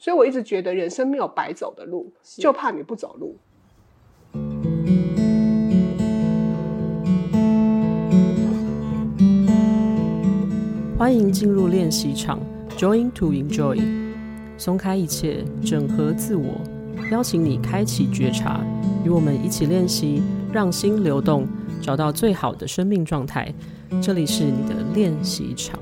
所以我一直覺得人生沒有白走的路，就怕你不走路。歡迎進入練習場，Join to Enjoy，鬆開一切，整合自我，邀請你開啟覺察，與我們一起練習，讓心流動，找到最好的生命狀態。這裡是你的練習場。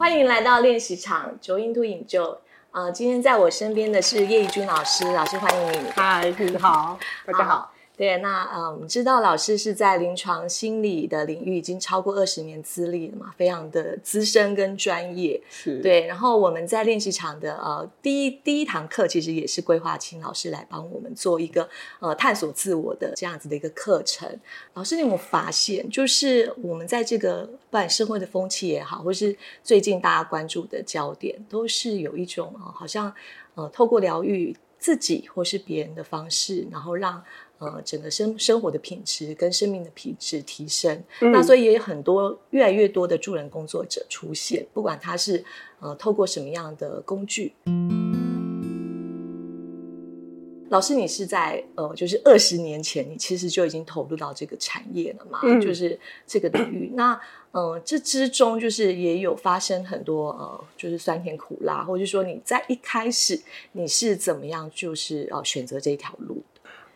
歡迎來到練習場，Join to Enjoy。呃，今天在我身邊的是葉怡君老師，老師歡迎你。嗨，你好，大家好。啊好。對，那呃，我們知道老師是在臨床心理的領域已經超過二十年資歷了嘛，非常的資深跟專業。是。對，然後我們在練習場的呃第一第一堂課，其實也是規劃請老師來幫我們做一個呃探索自我的這樣子的一個課程。老師，你有沒有發現，就是我們在這個不管社會的風氣也好，或是最近大家關注的焦點，都是有一種啊、哦，好像呃透過療癒自己或是別人的方式，然後讓呃，整個生生活的品質跟生命的品質提升，嗯、那所以也有很多越來越多的助人工作者出現，不管他是呃透過什麼樣的工具。嗯、老師，你是在呃就是二十年前，你其實就已經投入到這個產業了嘛？就是這個領域。嗯那嗯、呃，這之中就是也有發生很多呃，就是酸甜苦辣，或者說你在一開始你是怎麼樣，就是呃選擇這一條路？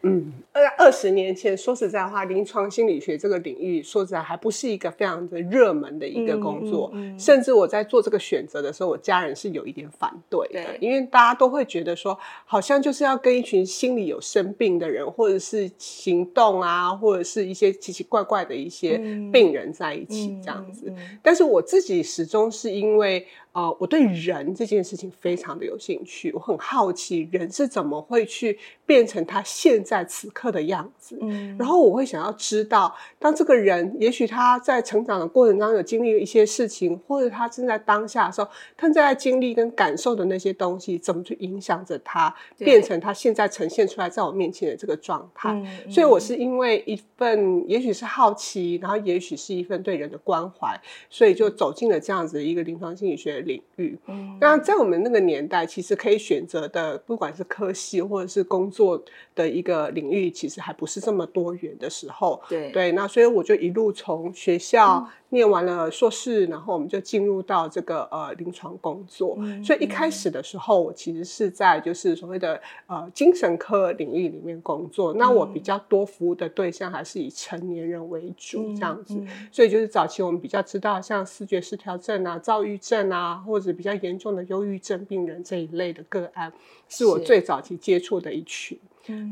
嗯，二十年前，說實在話，臨床心理學這個領域，說實在還不是一個非常的熱門的一個工作。嗯嗯嗯、甚至我在做這個選擇的時候，我家人是有一點反對的，對，因為大家都會覺得說，好像就是要跟一群心理有生病的人，或者是行動啊，或者是一些奇奇怪怪的一些病人在一起這樣子。嗯嗯嗯嗯、但是我自己始終是因為。呃，我對人這件事情非常的有興趣，嗯，我很好奇人是怎麼會去變成他現在此刻的樣子。嗯，然後我會想要知道，當這個人也許他在成長的過程當中有經歷一些事情，或者他正在當下的時候，他正在經歷跟感受的那些東西，怎麼去影響着他，變成他現在呈現出來在我面前的這個狀態。嗯嗯，所以我是因為一份也許是好奇，然後也許是一份對人的關懷，所以就走進了這樣子的一個臨床心理學。領域。嗯，那在我們那個年代，其實可以選擇的，不管是科系或者是工作的一個領域，其實還不是這麼多元的時候。對對，那所以我就一路從學校念完了碩士，嗯，然後我們就進入到這個呃臨床工作。嗯嗯嗯。所以一開始的時候，我其實是在就是所謂的呃精神科領域裡面工作。那我比較多服務的對象還是以成年人為主這樣子。嗯嗯嗯。所以就是早期我們比較知道，像思覺失調症啊、躁鬱症啊。或者比較嚴重的憂鬱症病人這一類的個案，是我最早期接觸的一群。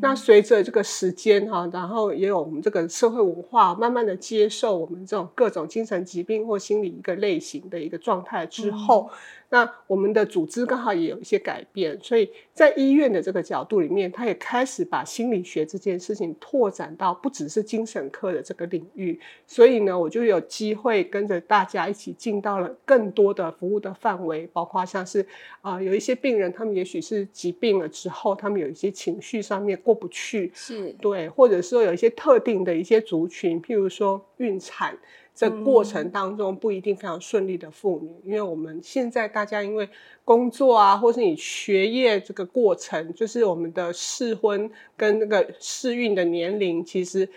那隨着這個時間哈、啊，然後也有我們這個社會文化慢慢的接受我們這種各種精神疾病或心理一個類型的一個狀態之後。嗯那我們的組織剛好也有一些改變，所以在醫院的這個角度裡面，他也開始把心理學這件事情拓展到不只是精神科的這個領域。所以呢，我就有機會跟着大家一起進到了更多的服務的範圍，包括像是啊，呃，有一些病人他們也許是疾病了之後，他們有一些情緒上面過不去，是對，或者說有一些特定的一些族群，譬如說孕產。這過程當中不一定非常順利的婦女、嗯，因為我們現在大家因為工作啊，或是你學業這個過程，就是我們的適婚跟那個適孕的年齡，其實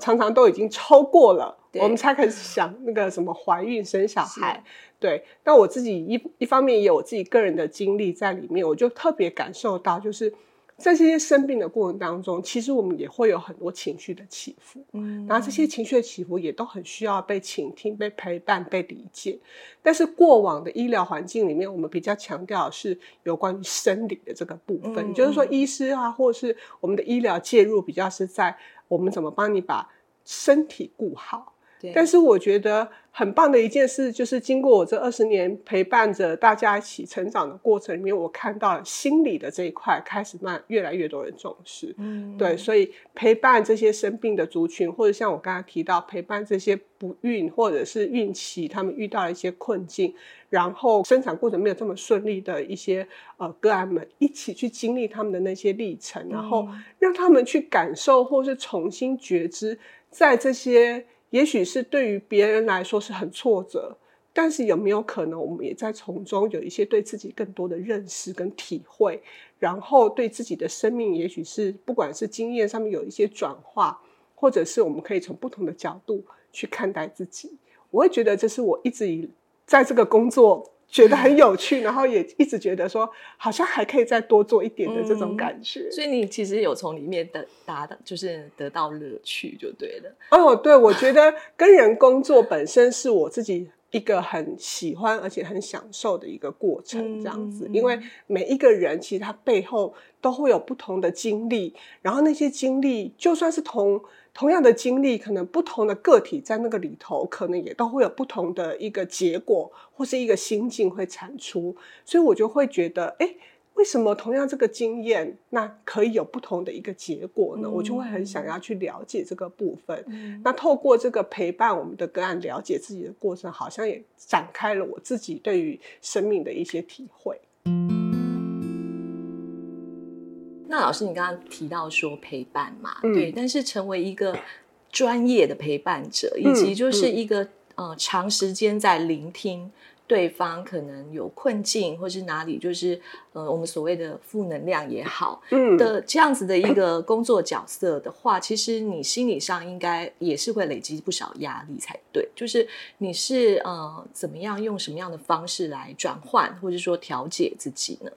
常常都已經超過了，我們才開始想那個什麼懷孕生小孩。對，那我自己一一方面也有我自己個人的經歷在裡面，我就特別感受到就是。在這些生病的過程當中，其實我們也會有很多情緒的起伏，嗯，然後這些情緒的起伏也都很需要被傾聽、被陪伴、被理解。但是過往的醫療環境裡面，我們比較強調是有關於生理的這個部分，嗯，就是說，醫師啊，或者是我們的醫療介入比較是在我們怎麼幫你把身體顧好。但是我覺得很棒的一件事，就是經過我這二十年陪伴着大家一起成長的過程裡面，我看到了心理的這一塊開始慢慢越來越多人重視。嗯，對，所以陪伴這些生病的族群，或者像我剛才提到，陪伴這些不孕或者是孕期他們遇到一些困境，然後生產過程沒有這麼順利的一些呃個案們，一起去經歷他們的那些歷程，嗯，然後讓他們去感受，或是重新覺知在這些。也許是對於別人來說是很挫折，但是有沒有可能我們也在從中有一些對自己更多的認識跟體會，然後對自己的生命，也許是不管是經驗上面有一些轉化，或者是我們可以從不同的角度去看待自己。我會覺得這是我一直以在這個工作覺得很有趣，然後也一直覺得說好像還可以再多做一點的這種感覺，嗯、所以你其實有從裡面的達到，就是得到樂趣就對了。哦，對，我覺得跟人工作本身是我自己一個很喜歡而且很享受的一個過程，嗯、這樣子，因為每一個人其實他背後都會有不同的經歷，然後那些經歷就算是同。同樣的經歷，可能不同的個體在那個裡頭，可能也都會有不同的一個結果，或是一個心境會產出。所以，我就會覺得，哎，為什麼同樣這個經驗，那可以有不同的一個結果呢？嗯。我就會很想要去了解這個部分。嗯。那透過這個陪伴我們的個案，了解自己的過程，好像也展開了我自己對於生命的一些體會。那老師，你剛剛提到說陪伴嘛、嗯，對，但是成為一個專業的陪伴者，以及就是一個、嗯嗯、呃長時間在聆聽對方，可能有困境，或是哪裡就是呃我們所謂的負能量也好，的這樣子的一個工作角色的話，其實你心理上應該也是會累積不少壓力才對。就是你是呃怎麼樣用什麼樣的方式來轉換，或者說調解自己呢？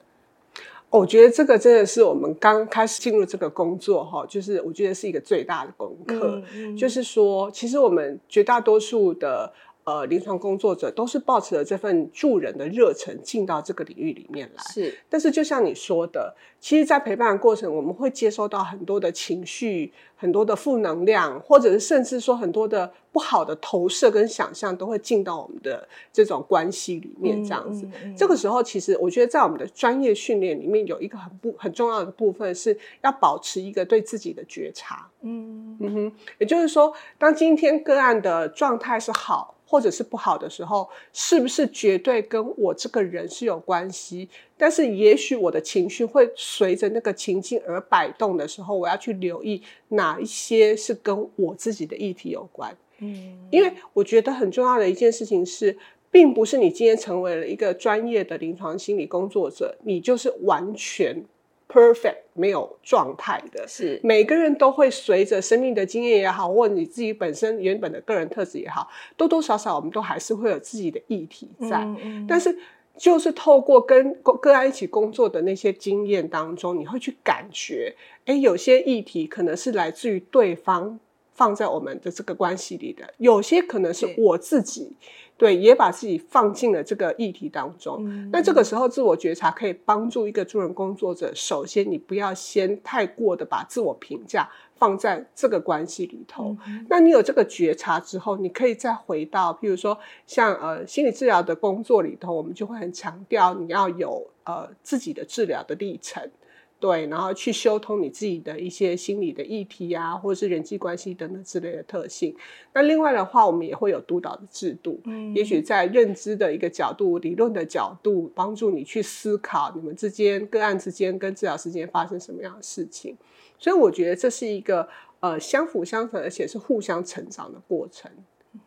我覺得這個真的是我們剛開始進入這個工作哈，就是我覺得是一個最大的功課，就是說，其實我們絕大多數的呃，臨床工作者都是抱持着這份助人的熱忱進到這個領域裡面來。是，但是就像你說的，其實，在陪伴的過程，我們會接收到很多的情緒，很多的負能量，或者是甚至說很多的不好的投射跟想象，都會進到我們的這種關係裡面。這樣子。嗯，這個時候，其實我覺得在我們的專業訓練裡面，有一個很不很重要的部分，是要保持一個對自己的覺察。嗯嗯哼，也就是說，當今天個案的狀態是好。或者是不好的時候，是不是絕對跟我這個人是有關係？但是也許我的情緒會隨着那個情境而擺動的時候，我要去留意哪一些是跟我自己的議題有關。嗯，因為我覺得很重要的一件事情是，並不是你今天成為了一個專業的臨床心理工作者，你就是完全。Perfect, 沒有狀態的是，每個人都會隨着生命的經驗也好，或你自己本身原本的個人特質也好，多多少少我們都還是會有自己的議題在。嗯嗯、但是，就是透過跟個案一起工作的那些經驗當中，你會去感覺，誒，有些議題可能是來自於對方放在我們的這個關係裡的，有些可能是我自己。嗯對，也把自己放進了這個議題當中。嗯。那這個時候，自我覺察可以幫助一個助人工作者。首先，你不要先太過的把自我評價放在這個關係裡頭。嗯。那你有這個覺察之後，你可以再回到，譬如說像呃心理治療的工作裡頭，我們就會很強調你要有呃自己的治療的歷程。對，然後去修通你自己的一些心理的議題啊，或者是人際關係等等之類的特性。那另外的話，我們也會有督導的制度，嗯、也許在認知的一個角度、理論的角度，幫助你去思考你們之間、個案之間、跟治療之間發生什麼樣的事情。所以我覺得這是一個呃相輔相成，而且是互相成長的過程。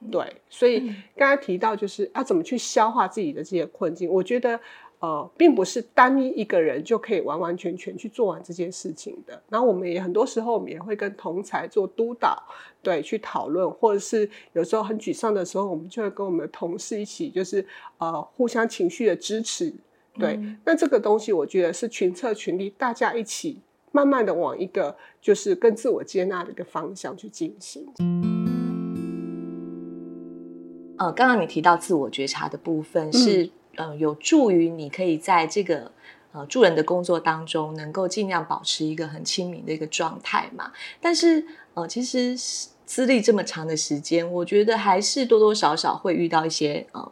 嗯、對，所以剛才提到就是要、啊、怎麼去消化自己的這些困境，我覺得。呃，並不是單一一個人就可以完完全全去做完這件事情的。然後我們也很多時候，我們也會跟同儕做督導，對，去討論，或者是有時候很沮喪的時候，我們就會跟我們的同事一起，就是、呃、互相情緒的支持。對、嗯，那這個東西我覺得是群策群力，大家一起慢慢的往一個就是更自我接納的一個方向去進行。嗯、呃，剛剛你提到自我覺察的部分是、嗯。呃、嗯，有助於你可以在這個呃助人的工作當中，能夠盡量保持一個很清明的一個狀態嘛。但是，呃，其實資歷這麼長的時間，我覺得還是多多少少會遇到一些呃，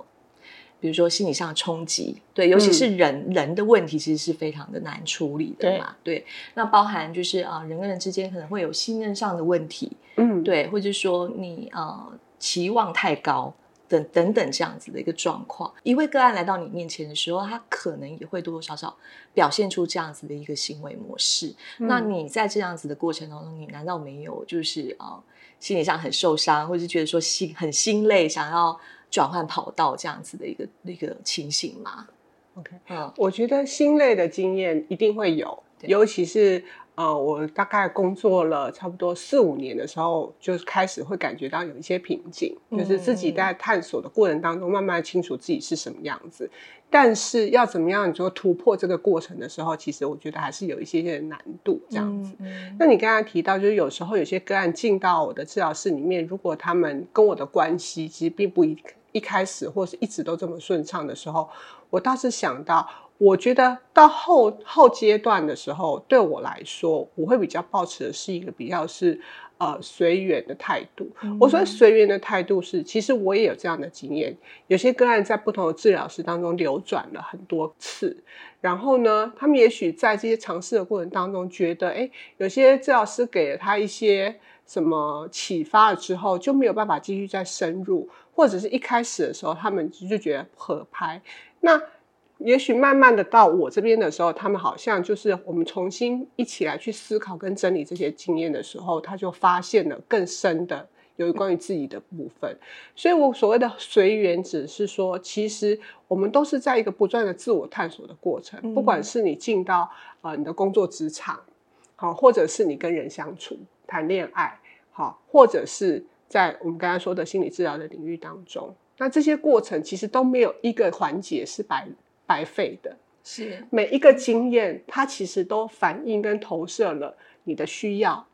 比如說心理上的衝擊。對，尤其是人、嗯、人的問題，其實是非常的難處理的嘛。對，對那包含就是啊、呃，人跟人之間可能會有信任上的問題。嗯，對，或者說你呃期望太高，等等等這樣子的一個狀況，一位個案來到你面前的時候，他可能也會多多少少表現出這樣子的一個行為模式。嗯、那你在這樣子的過程當中，你難道沒有就是啊、哦，心理上很受傷，或者是覺得說心很心累，想要轉換跑道這樣子的一個一個情形嗎？OK，好，我覺得心累的經驗一定會有。尤其是，呃，我大概工作了差不多四五年的時候，就開始會感覺到有一些瓶頸，就是自己在探索的過程當中，慢慢清楚自己是什麼樣子。但是要怎麼樣，你說突破這個過程的時候，其實我覺得還是有一些些難度這樣子。嗯嗯。那你剛剛提到，就是有時候有些個案進到我的治療室裡面，如果他們跟我的關係其實並不一一開始或是一直都這麼順暢的時候，我倒是想到。我覺得到後後階段的時候，對我來說，我會比較抱持的是一個比較是呃隨緣的態度。嗯、我說隨緣的態度是，其實我也有這樣的經驗。有些個案在不同的治療師當中流轉了很多次，然後呢，他們也許在這些嘗試的過程當中，覺得哎，有些治療師給了他一些什麼啟發了之後，就沒有辦法繼續再深入，或者是一開始的時候他們就覺得不合拍，那。也許慢慢的到我這邊的時候，他們好像就是我們重新一起來去思考跟整理這些經驗的時候，他就發現了更深的有關於自己的部分。所以我所謂的隨緣，只是說，其實我們都是在一個不斷的自我探索的過程。嗯、不管是你進到啊、呃、你的工作職場，好、啊，或者是你跟人相處、談戀愛，好、啊，或者是在我們剛才說的心理治療的領域當中，那這些過程其實都沒有一個環節是白白費的是每一個經驗，它其實都反映跟投射了你的需要。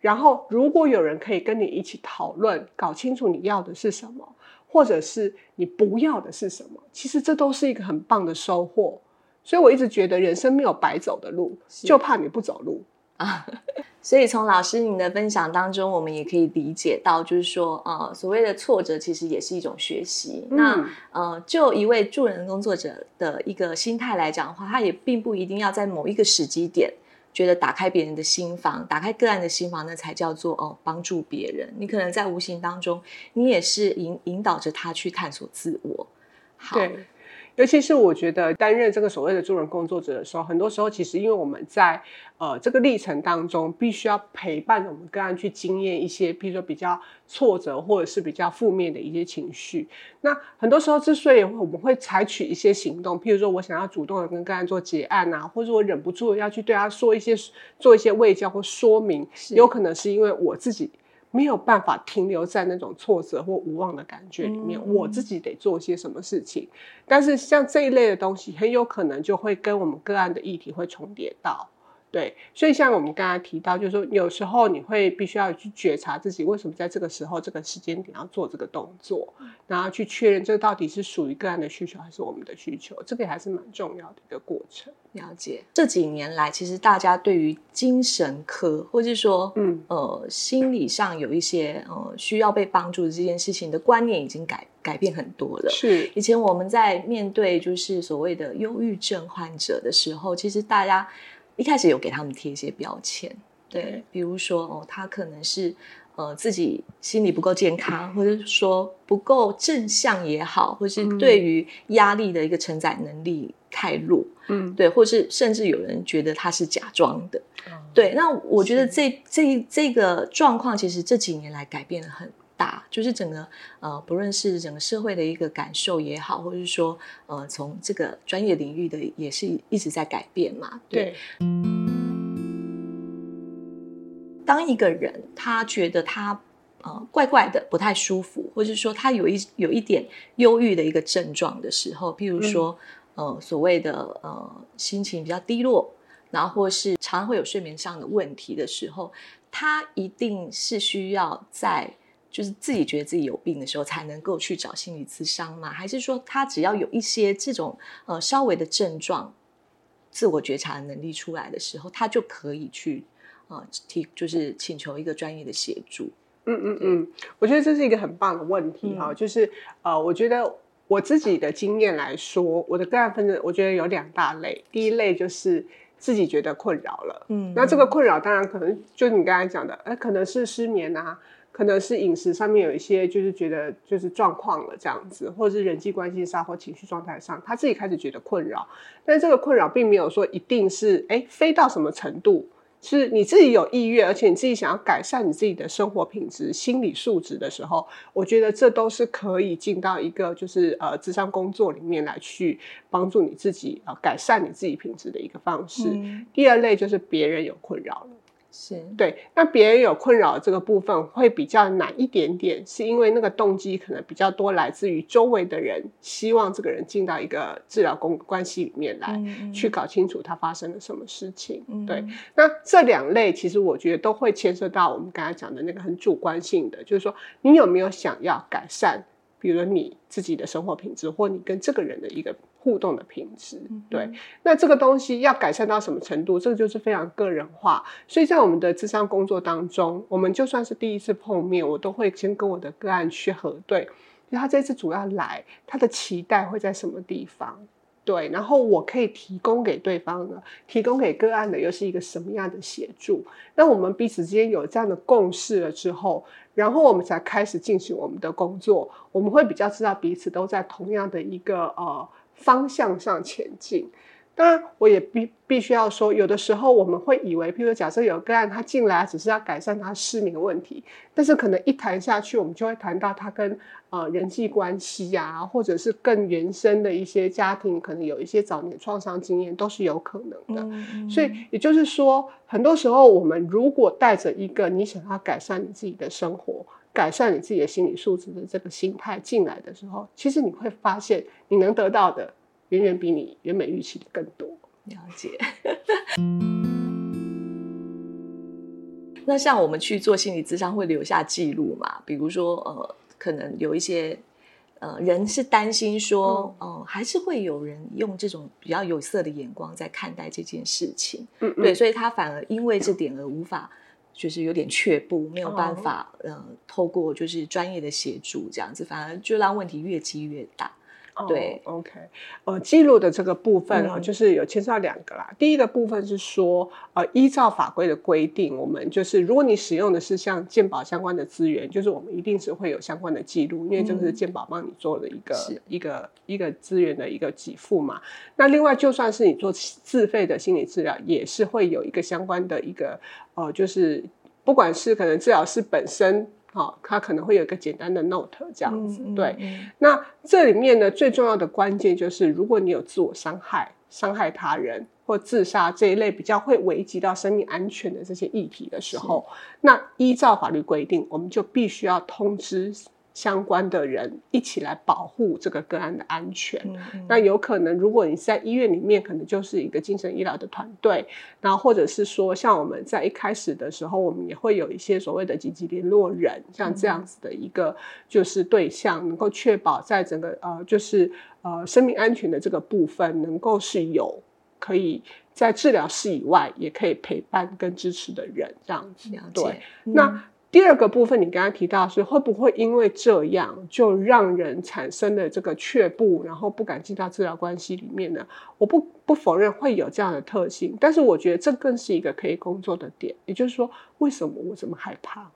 然後，如果有人可以跟你一起討論，搞清楚你要的是什麼，或者是你不要的是什麼，其實這都是一個很棒的收穫。所以，我一直覺得人生沒有白走的路，就怕你不走路。啊， 所以從老師您的分享當中，我們也可以理解到，就是說，呃，所謂的挫折其實也是一種學習，嗯。那，呃，就一位助人工作者的一個心態來講的話，他也並不一定要在某一個時機點，覺得打開別人的心房，打開個案的心房，那才叫做哦、呃、幫助別人。你可能在無形當中，你也是引引導着他去探索自我。好。尤其是我覺得擔任這個所謂的助人工作者的時候，很多時候其實因為我們在呃這個歷程當中，必須要陪伴我們個案去經驗一些，譬如說比較挫折或者是比較負面的一些情緒。那很多時候之所以我們會採取一些行動，譬如說我想要主動的跟個案做結案啊，或者我忍不住要去對他說一些、做一些衛教或說明，有可能是因為我自己。沒有辦法停留在那種挫折、或無望的感覺裡面，我自己得做些什麼事情。但是像這一類的東西，很有可能就會跟我們個案的議題會重疊到。對，所以像我們剛才提到，就是說有時候你會必須要去覺察自己為什麼在這個時候、這個時間點要做這個動作，然後去確認這到底是屬於個案的需求還是我們的需求，這個也還是蠻重要的一個過程。了解這幾年來，其實大家對於精神科或是說，嗯呃，心理上有一些呃需要被幫助的這件事情的觀念已經改改變很多了。是以前我們在面對就是所謂的憂鬱症患者的時候，其實大家。一開始有給他們貼一些標籤，對，比如說哦，他可能是呃自己心理不夠健康，或者說不夠正向也好，或是對於壓力的一個承載能力太弱，嗯，對，或是甚至有人覺得他是假裝的，嗯、對。那我覺得這這這個狀況其實這幾年來改變了很。大就是整個呃，不論是整個社會的一個感受也好，或者是說呃，從這個專業領域的也是一直在改變嘛。對。對當一個人他覺得他呃怪怪的，不太舒服，或是說他有一有一點憂鬱的一個症狀的時候，譬如說、嗯、呃所謂的呃心情比較低落，然後或是常常會有睡眠上的問題的時候，他一定是需要在。就是自己覺得自己有病的時候才能夠去找心理諮商嗎？還是說他只要有一些這種呃稍微的症狀，自我覺察的能力出來的時候，他就可以去啊、呃、提就是請求一個專業的協助？嗯嗯嗯，我覺得這是一個很棒的問題哈、嗯哦。就是呃，我覺得我自己的經驗來說，我的個案分，我覺得有兩大類。第一類就是自己覺得困擾了，嗯，那這個困擾當然可能就你剛才講的，哎、呃，可能是失眠啊。可能是飲食上面有一些，就是覺得就是狀況了這樣子，或者是人際關係上或情緒狀態上，他自己開始覺得困擾。但這個困擾並沒有說一定是誒非到什麼程度，是你自己有意願，而且你自己想要改善你自己的生活品質、心理素質的時候，我覺得這都是可以進到一個就是呃諮商工作裡面來去幫助你自己啊、呃、改善你自己品質的一個方式。嗯、第二類就是別人有困擾了。是，對，那別人有困擾這個部分會比較難一點點，是因為那個動機可能比較多來自於周圍的人，希望這個人進到一個治療工關係裡面來，去搞清楚他發生了什麼事情、嗯。對，那這兩類其實我覺得都會牽涉到我們剛才講的那個很主觀性的，就是說你有沒有想要改善，比如說你自己的生活品質，或你跟這個人的一個。互動的品質，對，那這個東西要改善到什麼程度，這個就是非常個人化。所以在我們的諮商工作當中，我們就算是第一次碰面，我都會先跟我的個案去核對，就他這次主要來，他的期待會在什麼地方？對，然後我可以提供給對方的，提供給個案的又是一個什麼樣的協助？那我們彼此之間有這樣的共識了之後，然後我們才開始進行我們的工作。我們會比較知道彼此都在同樣的一個呃。方向上前進，當然我也必必須要說，有的時候我們會以為，譬如，假設有個案他進來只是要改善他失眠問題，但是可能一談下去，我們就會談到他跟呃人際關係啊，或者是更原生的一些家庭，可能有一些早年創傷經驗，都是有可能的。嗯嗯。所以也就是說，很多時候我們如果帶着一個你想要改善你自己的生活。改善你自己的心理素質的這個心態進來的時候，其實你會發現你能得到的遠遠比你原本預期的更多。了解。 那像我們去做心理諮商會留下記錄嘛？比如說，呃，可能有一些，呃，人是擔心說，嗯、呃，還是會有人用這種比較有色的眼光在看待這件事情。嗯嗯。對，所以他反而因為這點而無法。就是有點卻步，沒有辦法，oh. 嗯，透過就是專業的協助這樣子，反而就讓問題越積越大。哦、對，OK，呃，記錄的這個部分啊、哦，就是有牽涉兩個啦、嗯。第一個部分是說，呃，依照法規的規定，我們就是如果你使用的是像健保相關的資源，就是我們一定是會有相關的記錄，因為這個是健保幫你做的一個、嗯、一個一個資源的一個給付嘛。那另外，就算是你做自費的心理治療，也是會有一個相關的一個，呃就是不管是可能治療師本身。好、哦，他可能會有一個簡單的 note 這樣子、嗯，對、嗯。那這裡面呢，最重要的關鍵就是，如果你有自我傷害、傷害他人或自殺這一類比較會危及到生命安全的這些議題的時候，那依照法律規定，我們就必須要通知。相關的人一起來保護這個個案的安全。嗯嗯、那有可能，如果你在醫院裡面，可能就是一個精神醫療的團隊。然後或者是說，像我們在一開始的時候，我們也會有一些所謂的緊急聯絡人、嗯，像這樣子的一個就是對象，能夠確保在整個呃，就是呃生命安全的這個部分，能夠是有可以在治療室以外，也可以陪伴跟支持的人這樣子。了解、對、嗯、那。第二個部分，你剛剛提到的是會不會因為這樣就讓人產生了這個卻步，然後不敢進到治療關係裡面呢？我不不否認會有這樣的特性，但是我覺得這更是一個可以工作的點。也就是說，為什麼我這麼害怕？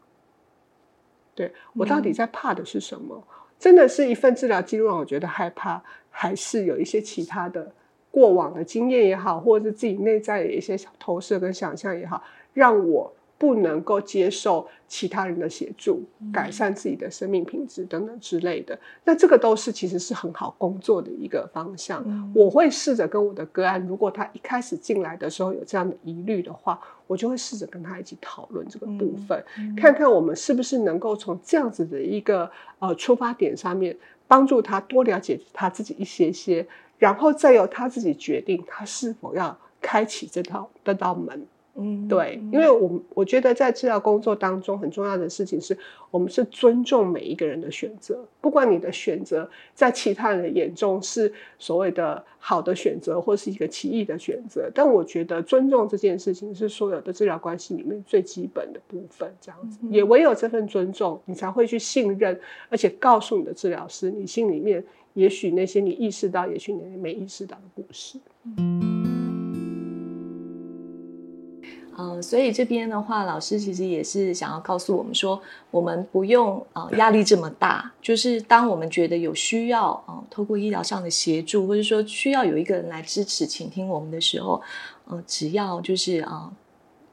對，我到底在怕的是什麼？嗯、真的是一份治療記錄讓我覺得害怕，還是有一些其他的過往的經驗也好，或者是自己內在的一些投射跟想象也好，讓我，不能夠接受其他人的協助，改善自己的生命品質等等之類的、嗯，那這個都是其實是很好工作的一個方向。嗯、我會試着跟我的個案，如果他一開始進來的時候有這樣的疑慮的話，我就會試着跟他一起討論這個部分、嗯，看看我們是不是能夠從這樣子的一個呃出發點上面幫助他多了解他自己一些些，然後再由他自己決定他是否要開啟這套這道門。嗯， 對，因為我我覺得在治療工作當中很重要的事情是，我們是尊重每一個人的選擇，不管你的選擇在其他人眼中是所謂的好的選擇，或是一個奇異的選擇，但我覺得尊重這件事情是所有的治療關係裡面最基本的部分。這樣子， 也唯有這份尊重，你才會去信任，而且告訴你的治療師，你心裡面也許那些你意識到，也許你也沒意識到的故事。 嗯、呃，所以這邊的話，老師其實也是想要告訴我們說，我們不用啊、呃、壓力這麼大，就是當我們覺得有需要啊、呃，透過醫療上的協助，或者說需要有一個人來支持、傾聽我們的時候，嗯、呃，只要就是啊、呃、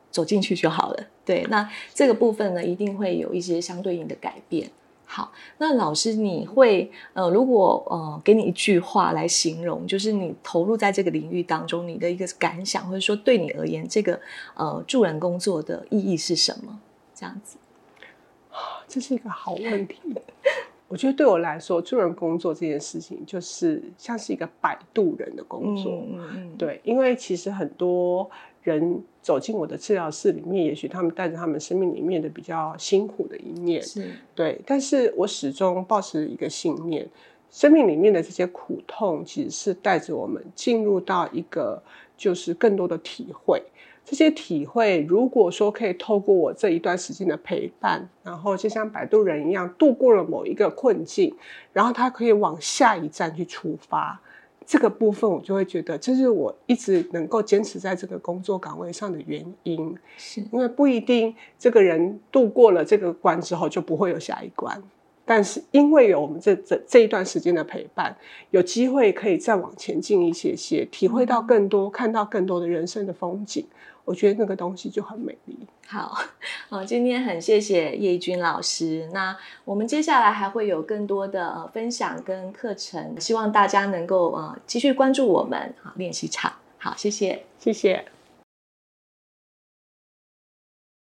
走進去就好了。對，那這個部分呢，一定會有一些相對應的改變。好，那老師，你會呃，如果呃，給你一句話來形容，就是你投入在這個領域當中，你的一個感想，或者說對你而言，這個呃助人工作的意義是什麼？這樣子，這是一個好問題。 我覺得對我來說，助人工作這件事情，就是像是一個擺渡人的工作。嗯嗯。對，因為其實很多人，走進我的治療室裡面，也許他們帶着他們生命裡面的比較辛苦的一面，是對。但是我始終抱持一個信念，生命裡面的這些苦痛，其實是帶着我們進入到一個就是更多的體會。這些體會，如果說可以透過我這一段時間的陪伴，然後就像擺渡人一樣，度過了某一個困境，然後他可以往下一站去出發。這個部分我就會覺得，這是我一直能夠堅持在這個工作崗位上的原因，因為不一定這個人度過了這個關之後就不會有下一關，但是因為有我們這這這一段時間的陪伴，有機會可以再往前進一些些，體會到更多，看到更多的人生的風景。我覺得那個東西就很美麗。好，好，今天很謝謝葉怡君老師。那我們接下來還會有更多的分享跟課程，希望大家能夠呃繼續關注我們哈練，練習場。好，謝謝，謝謝。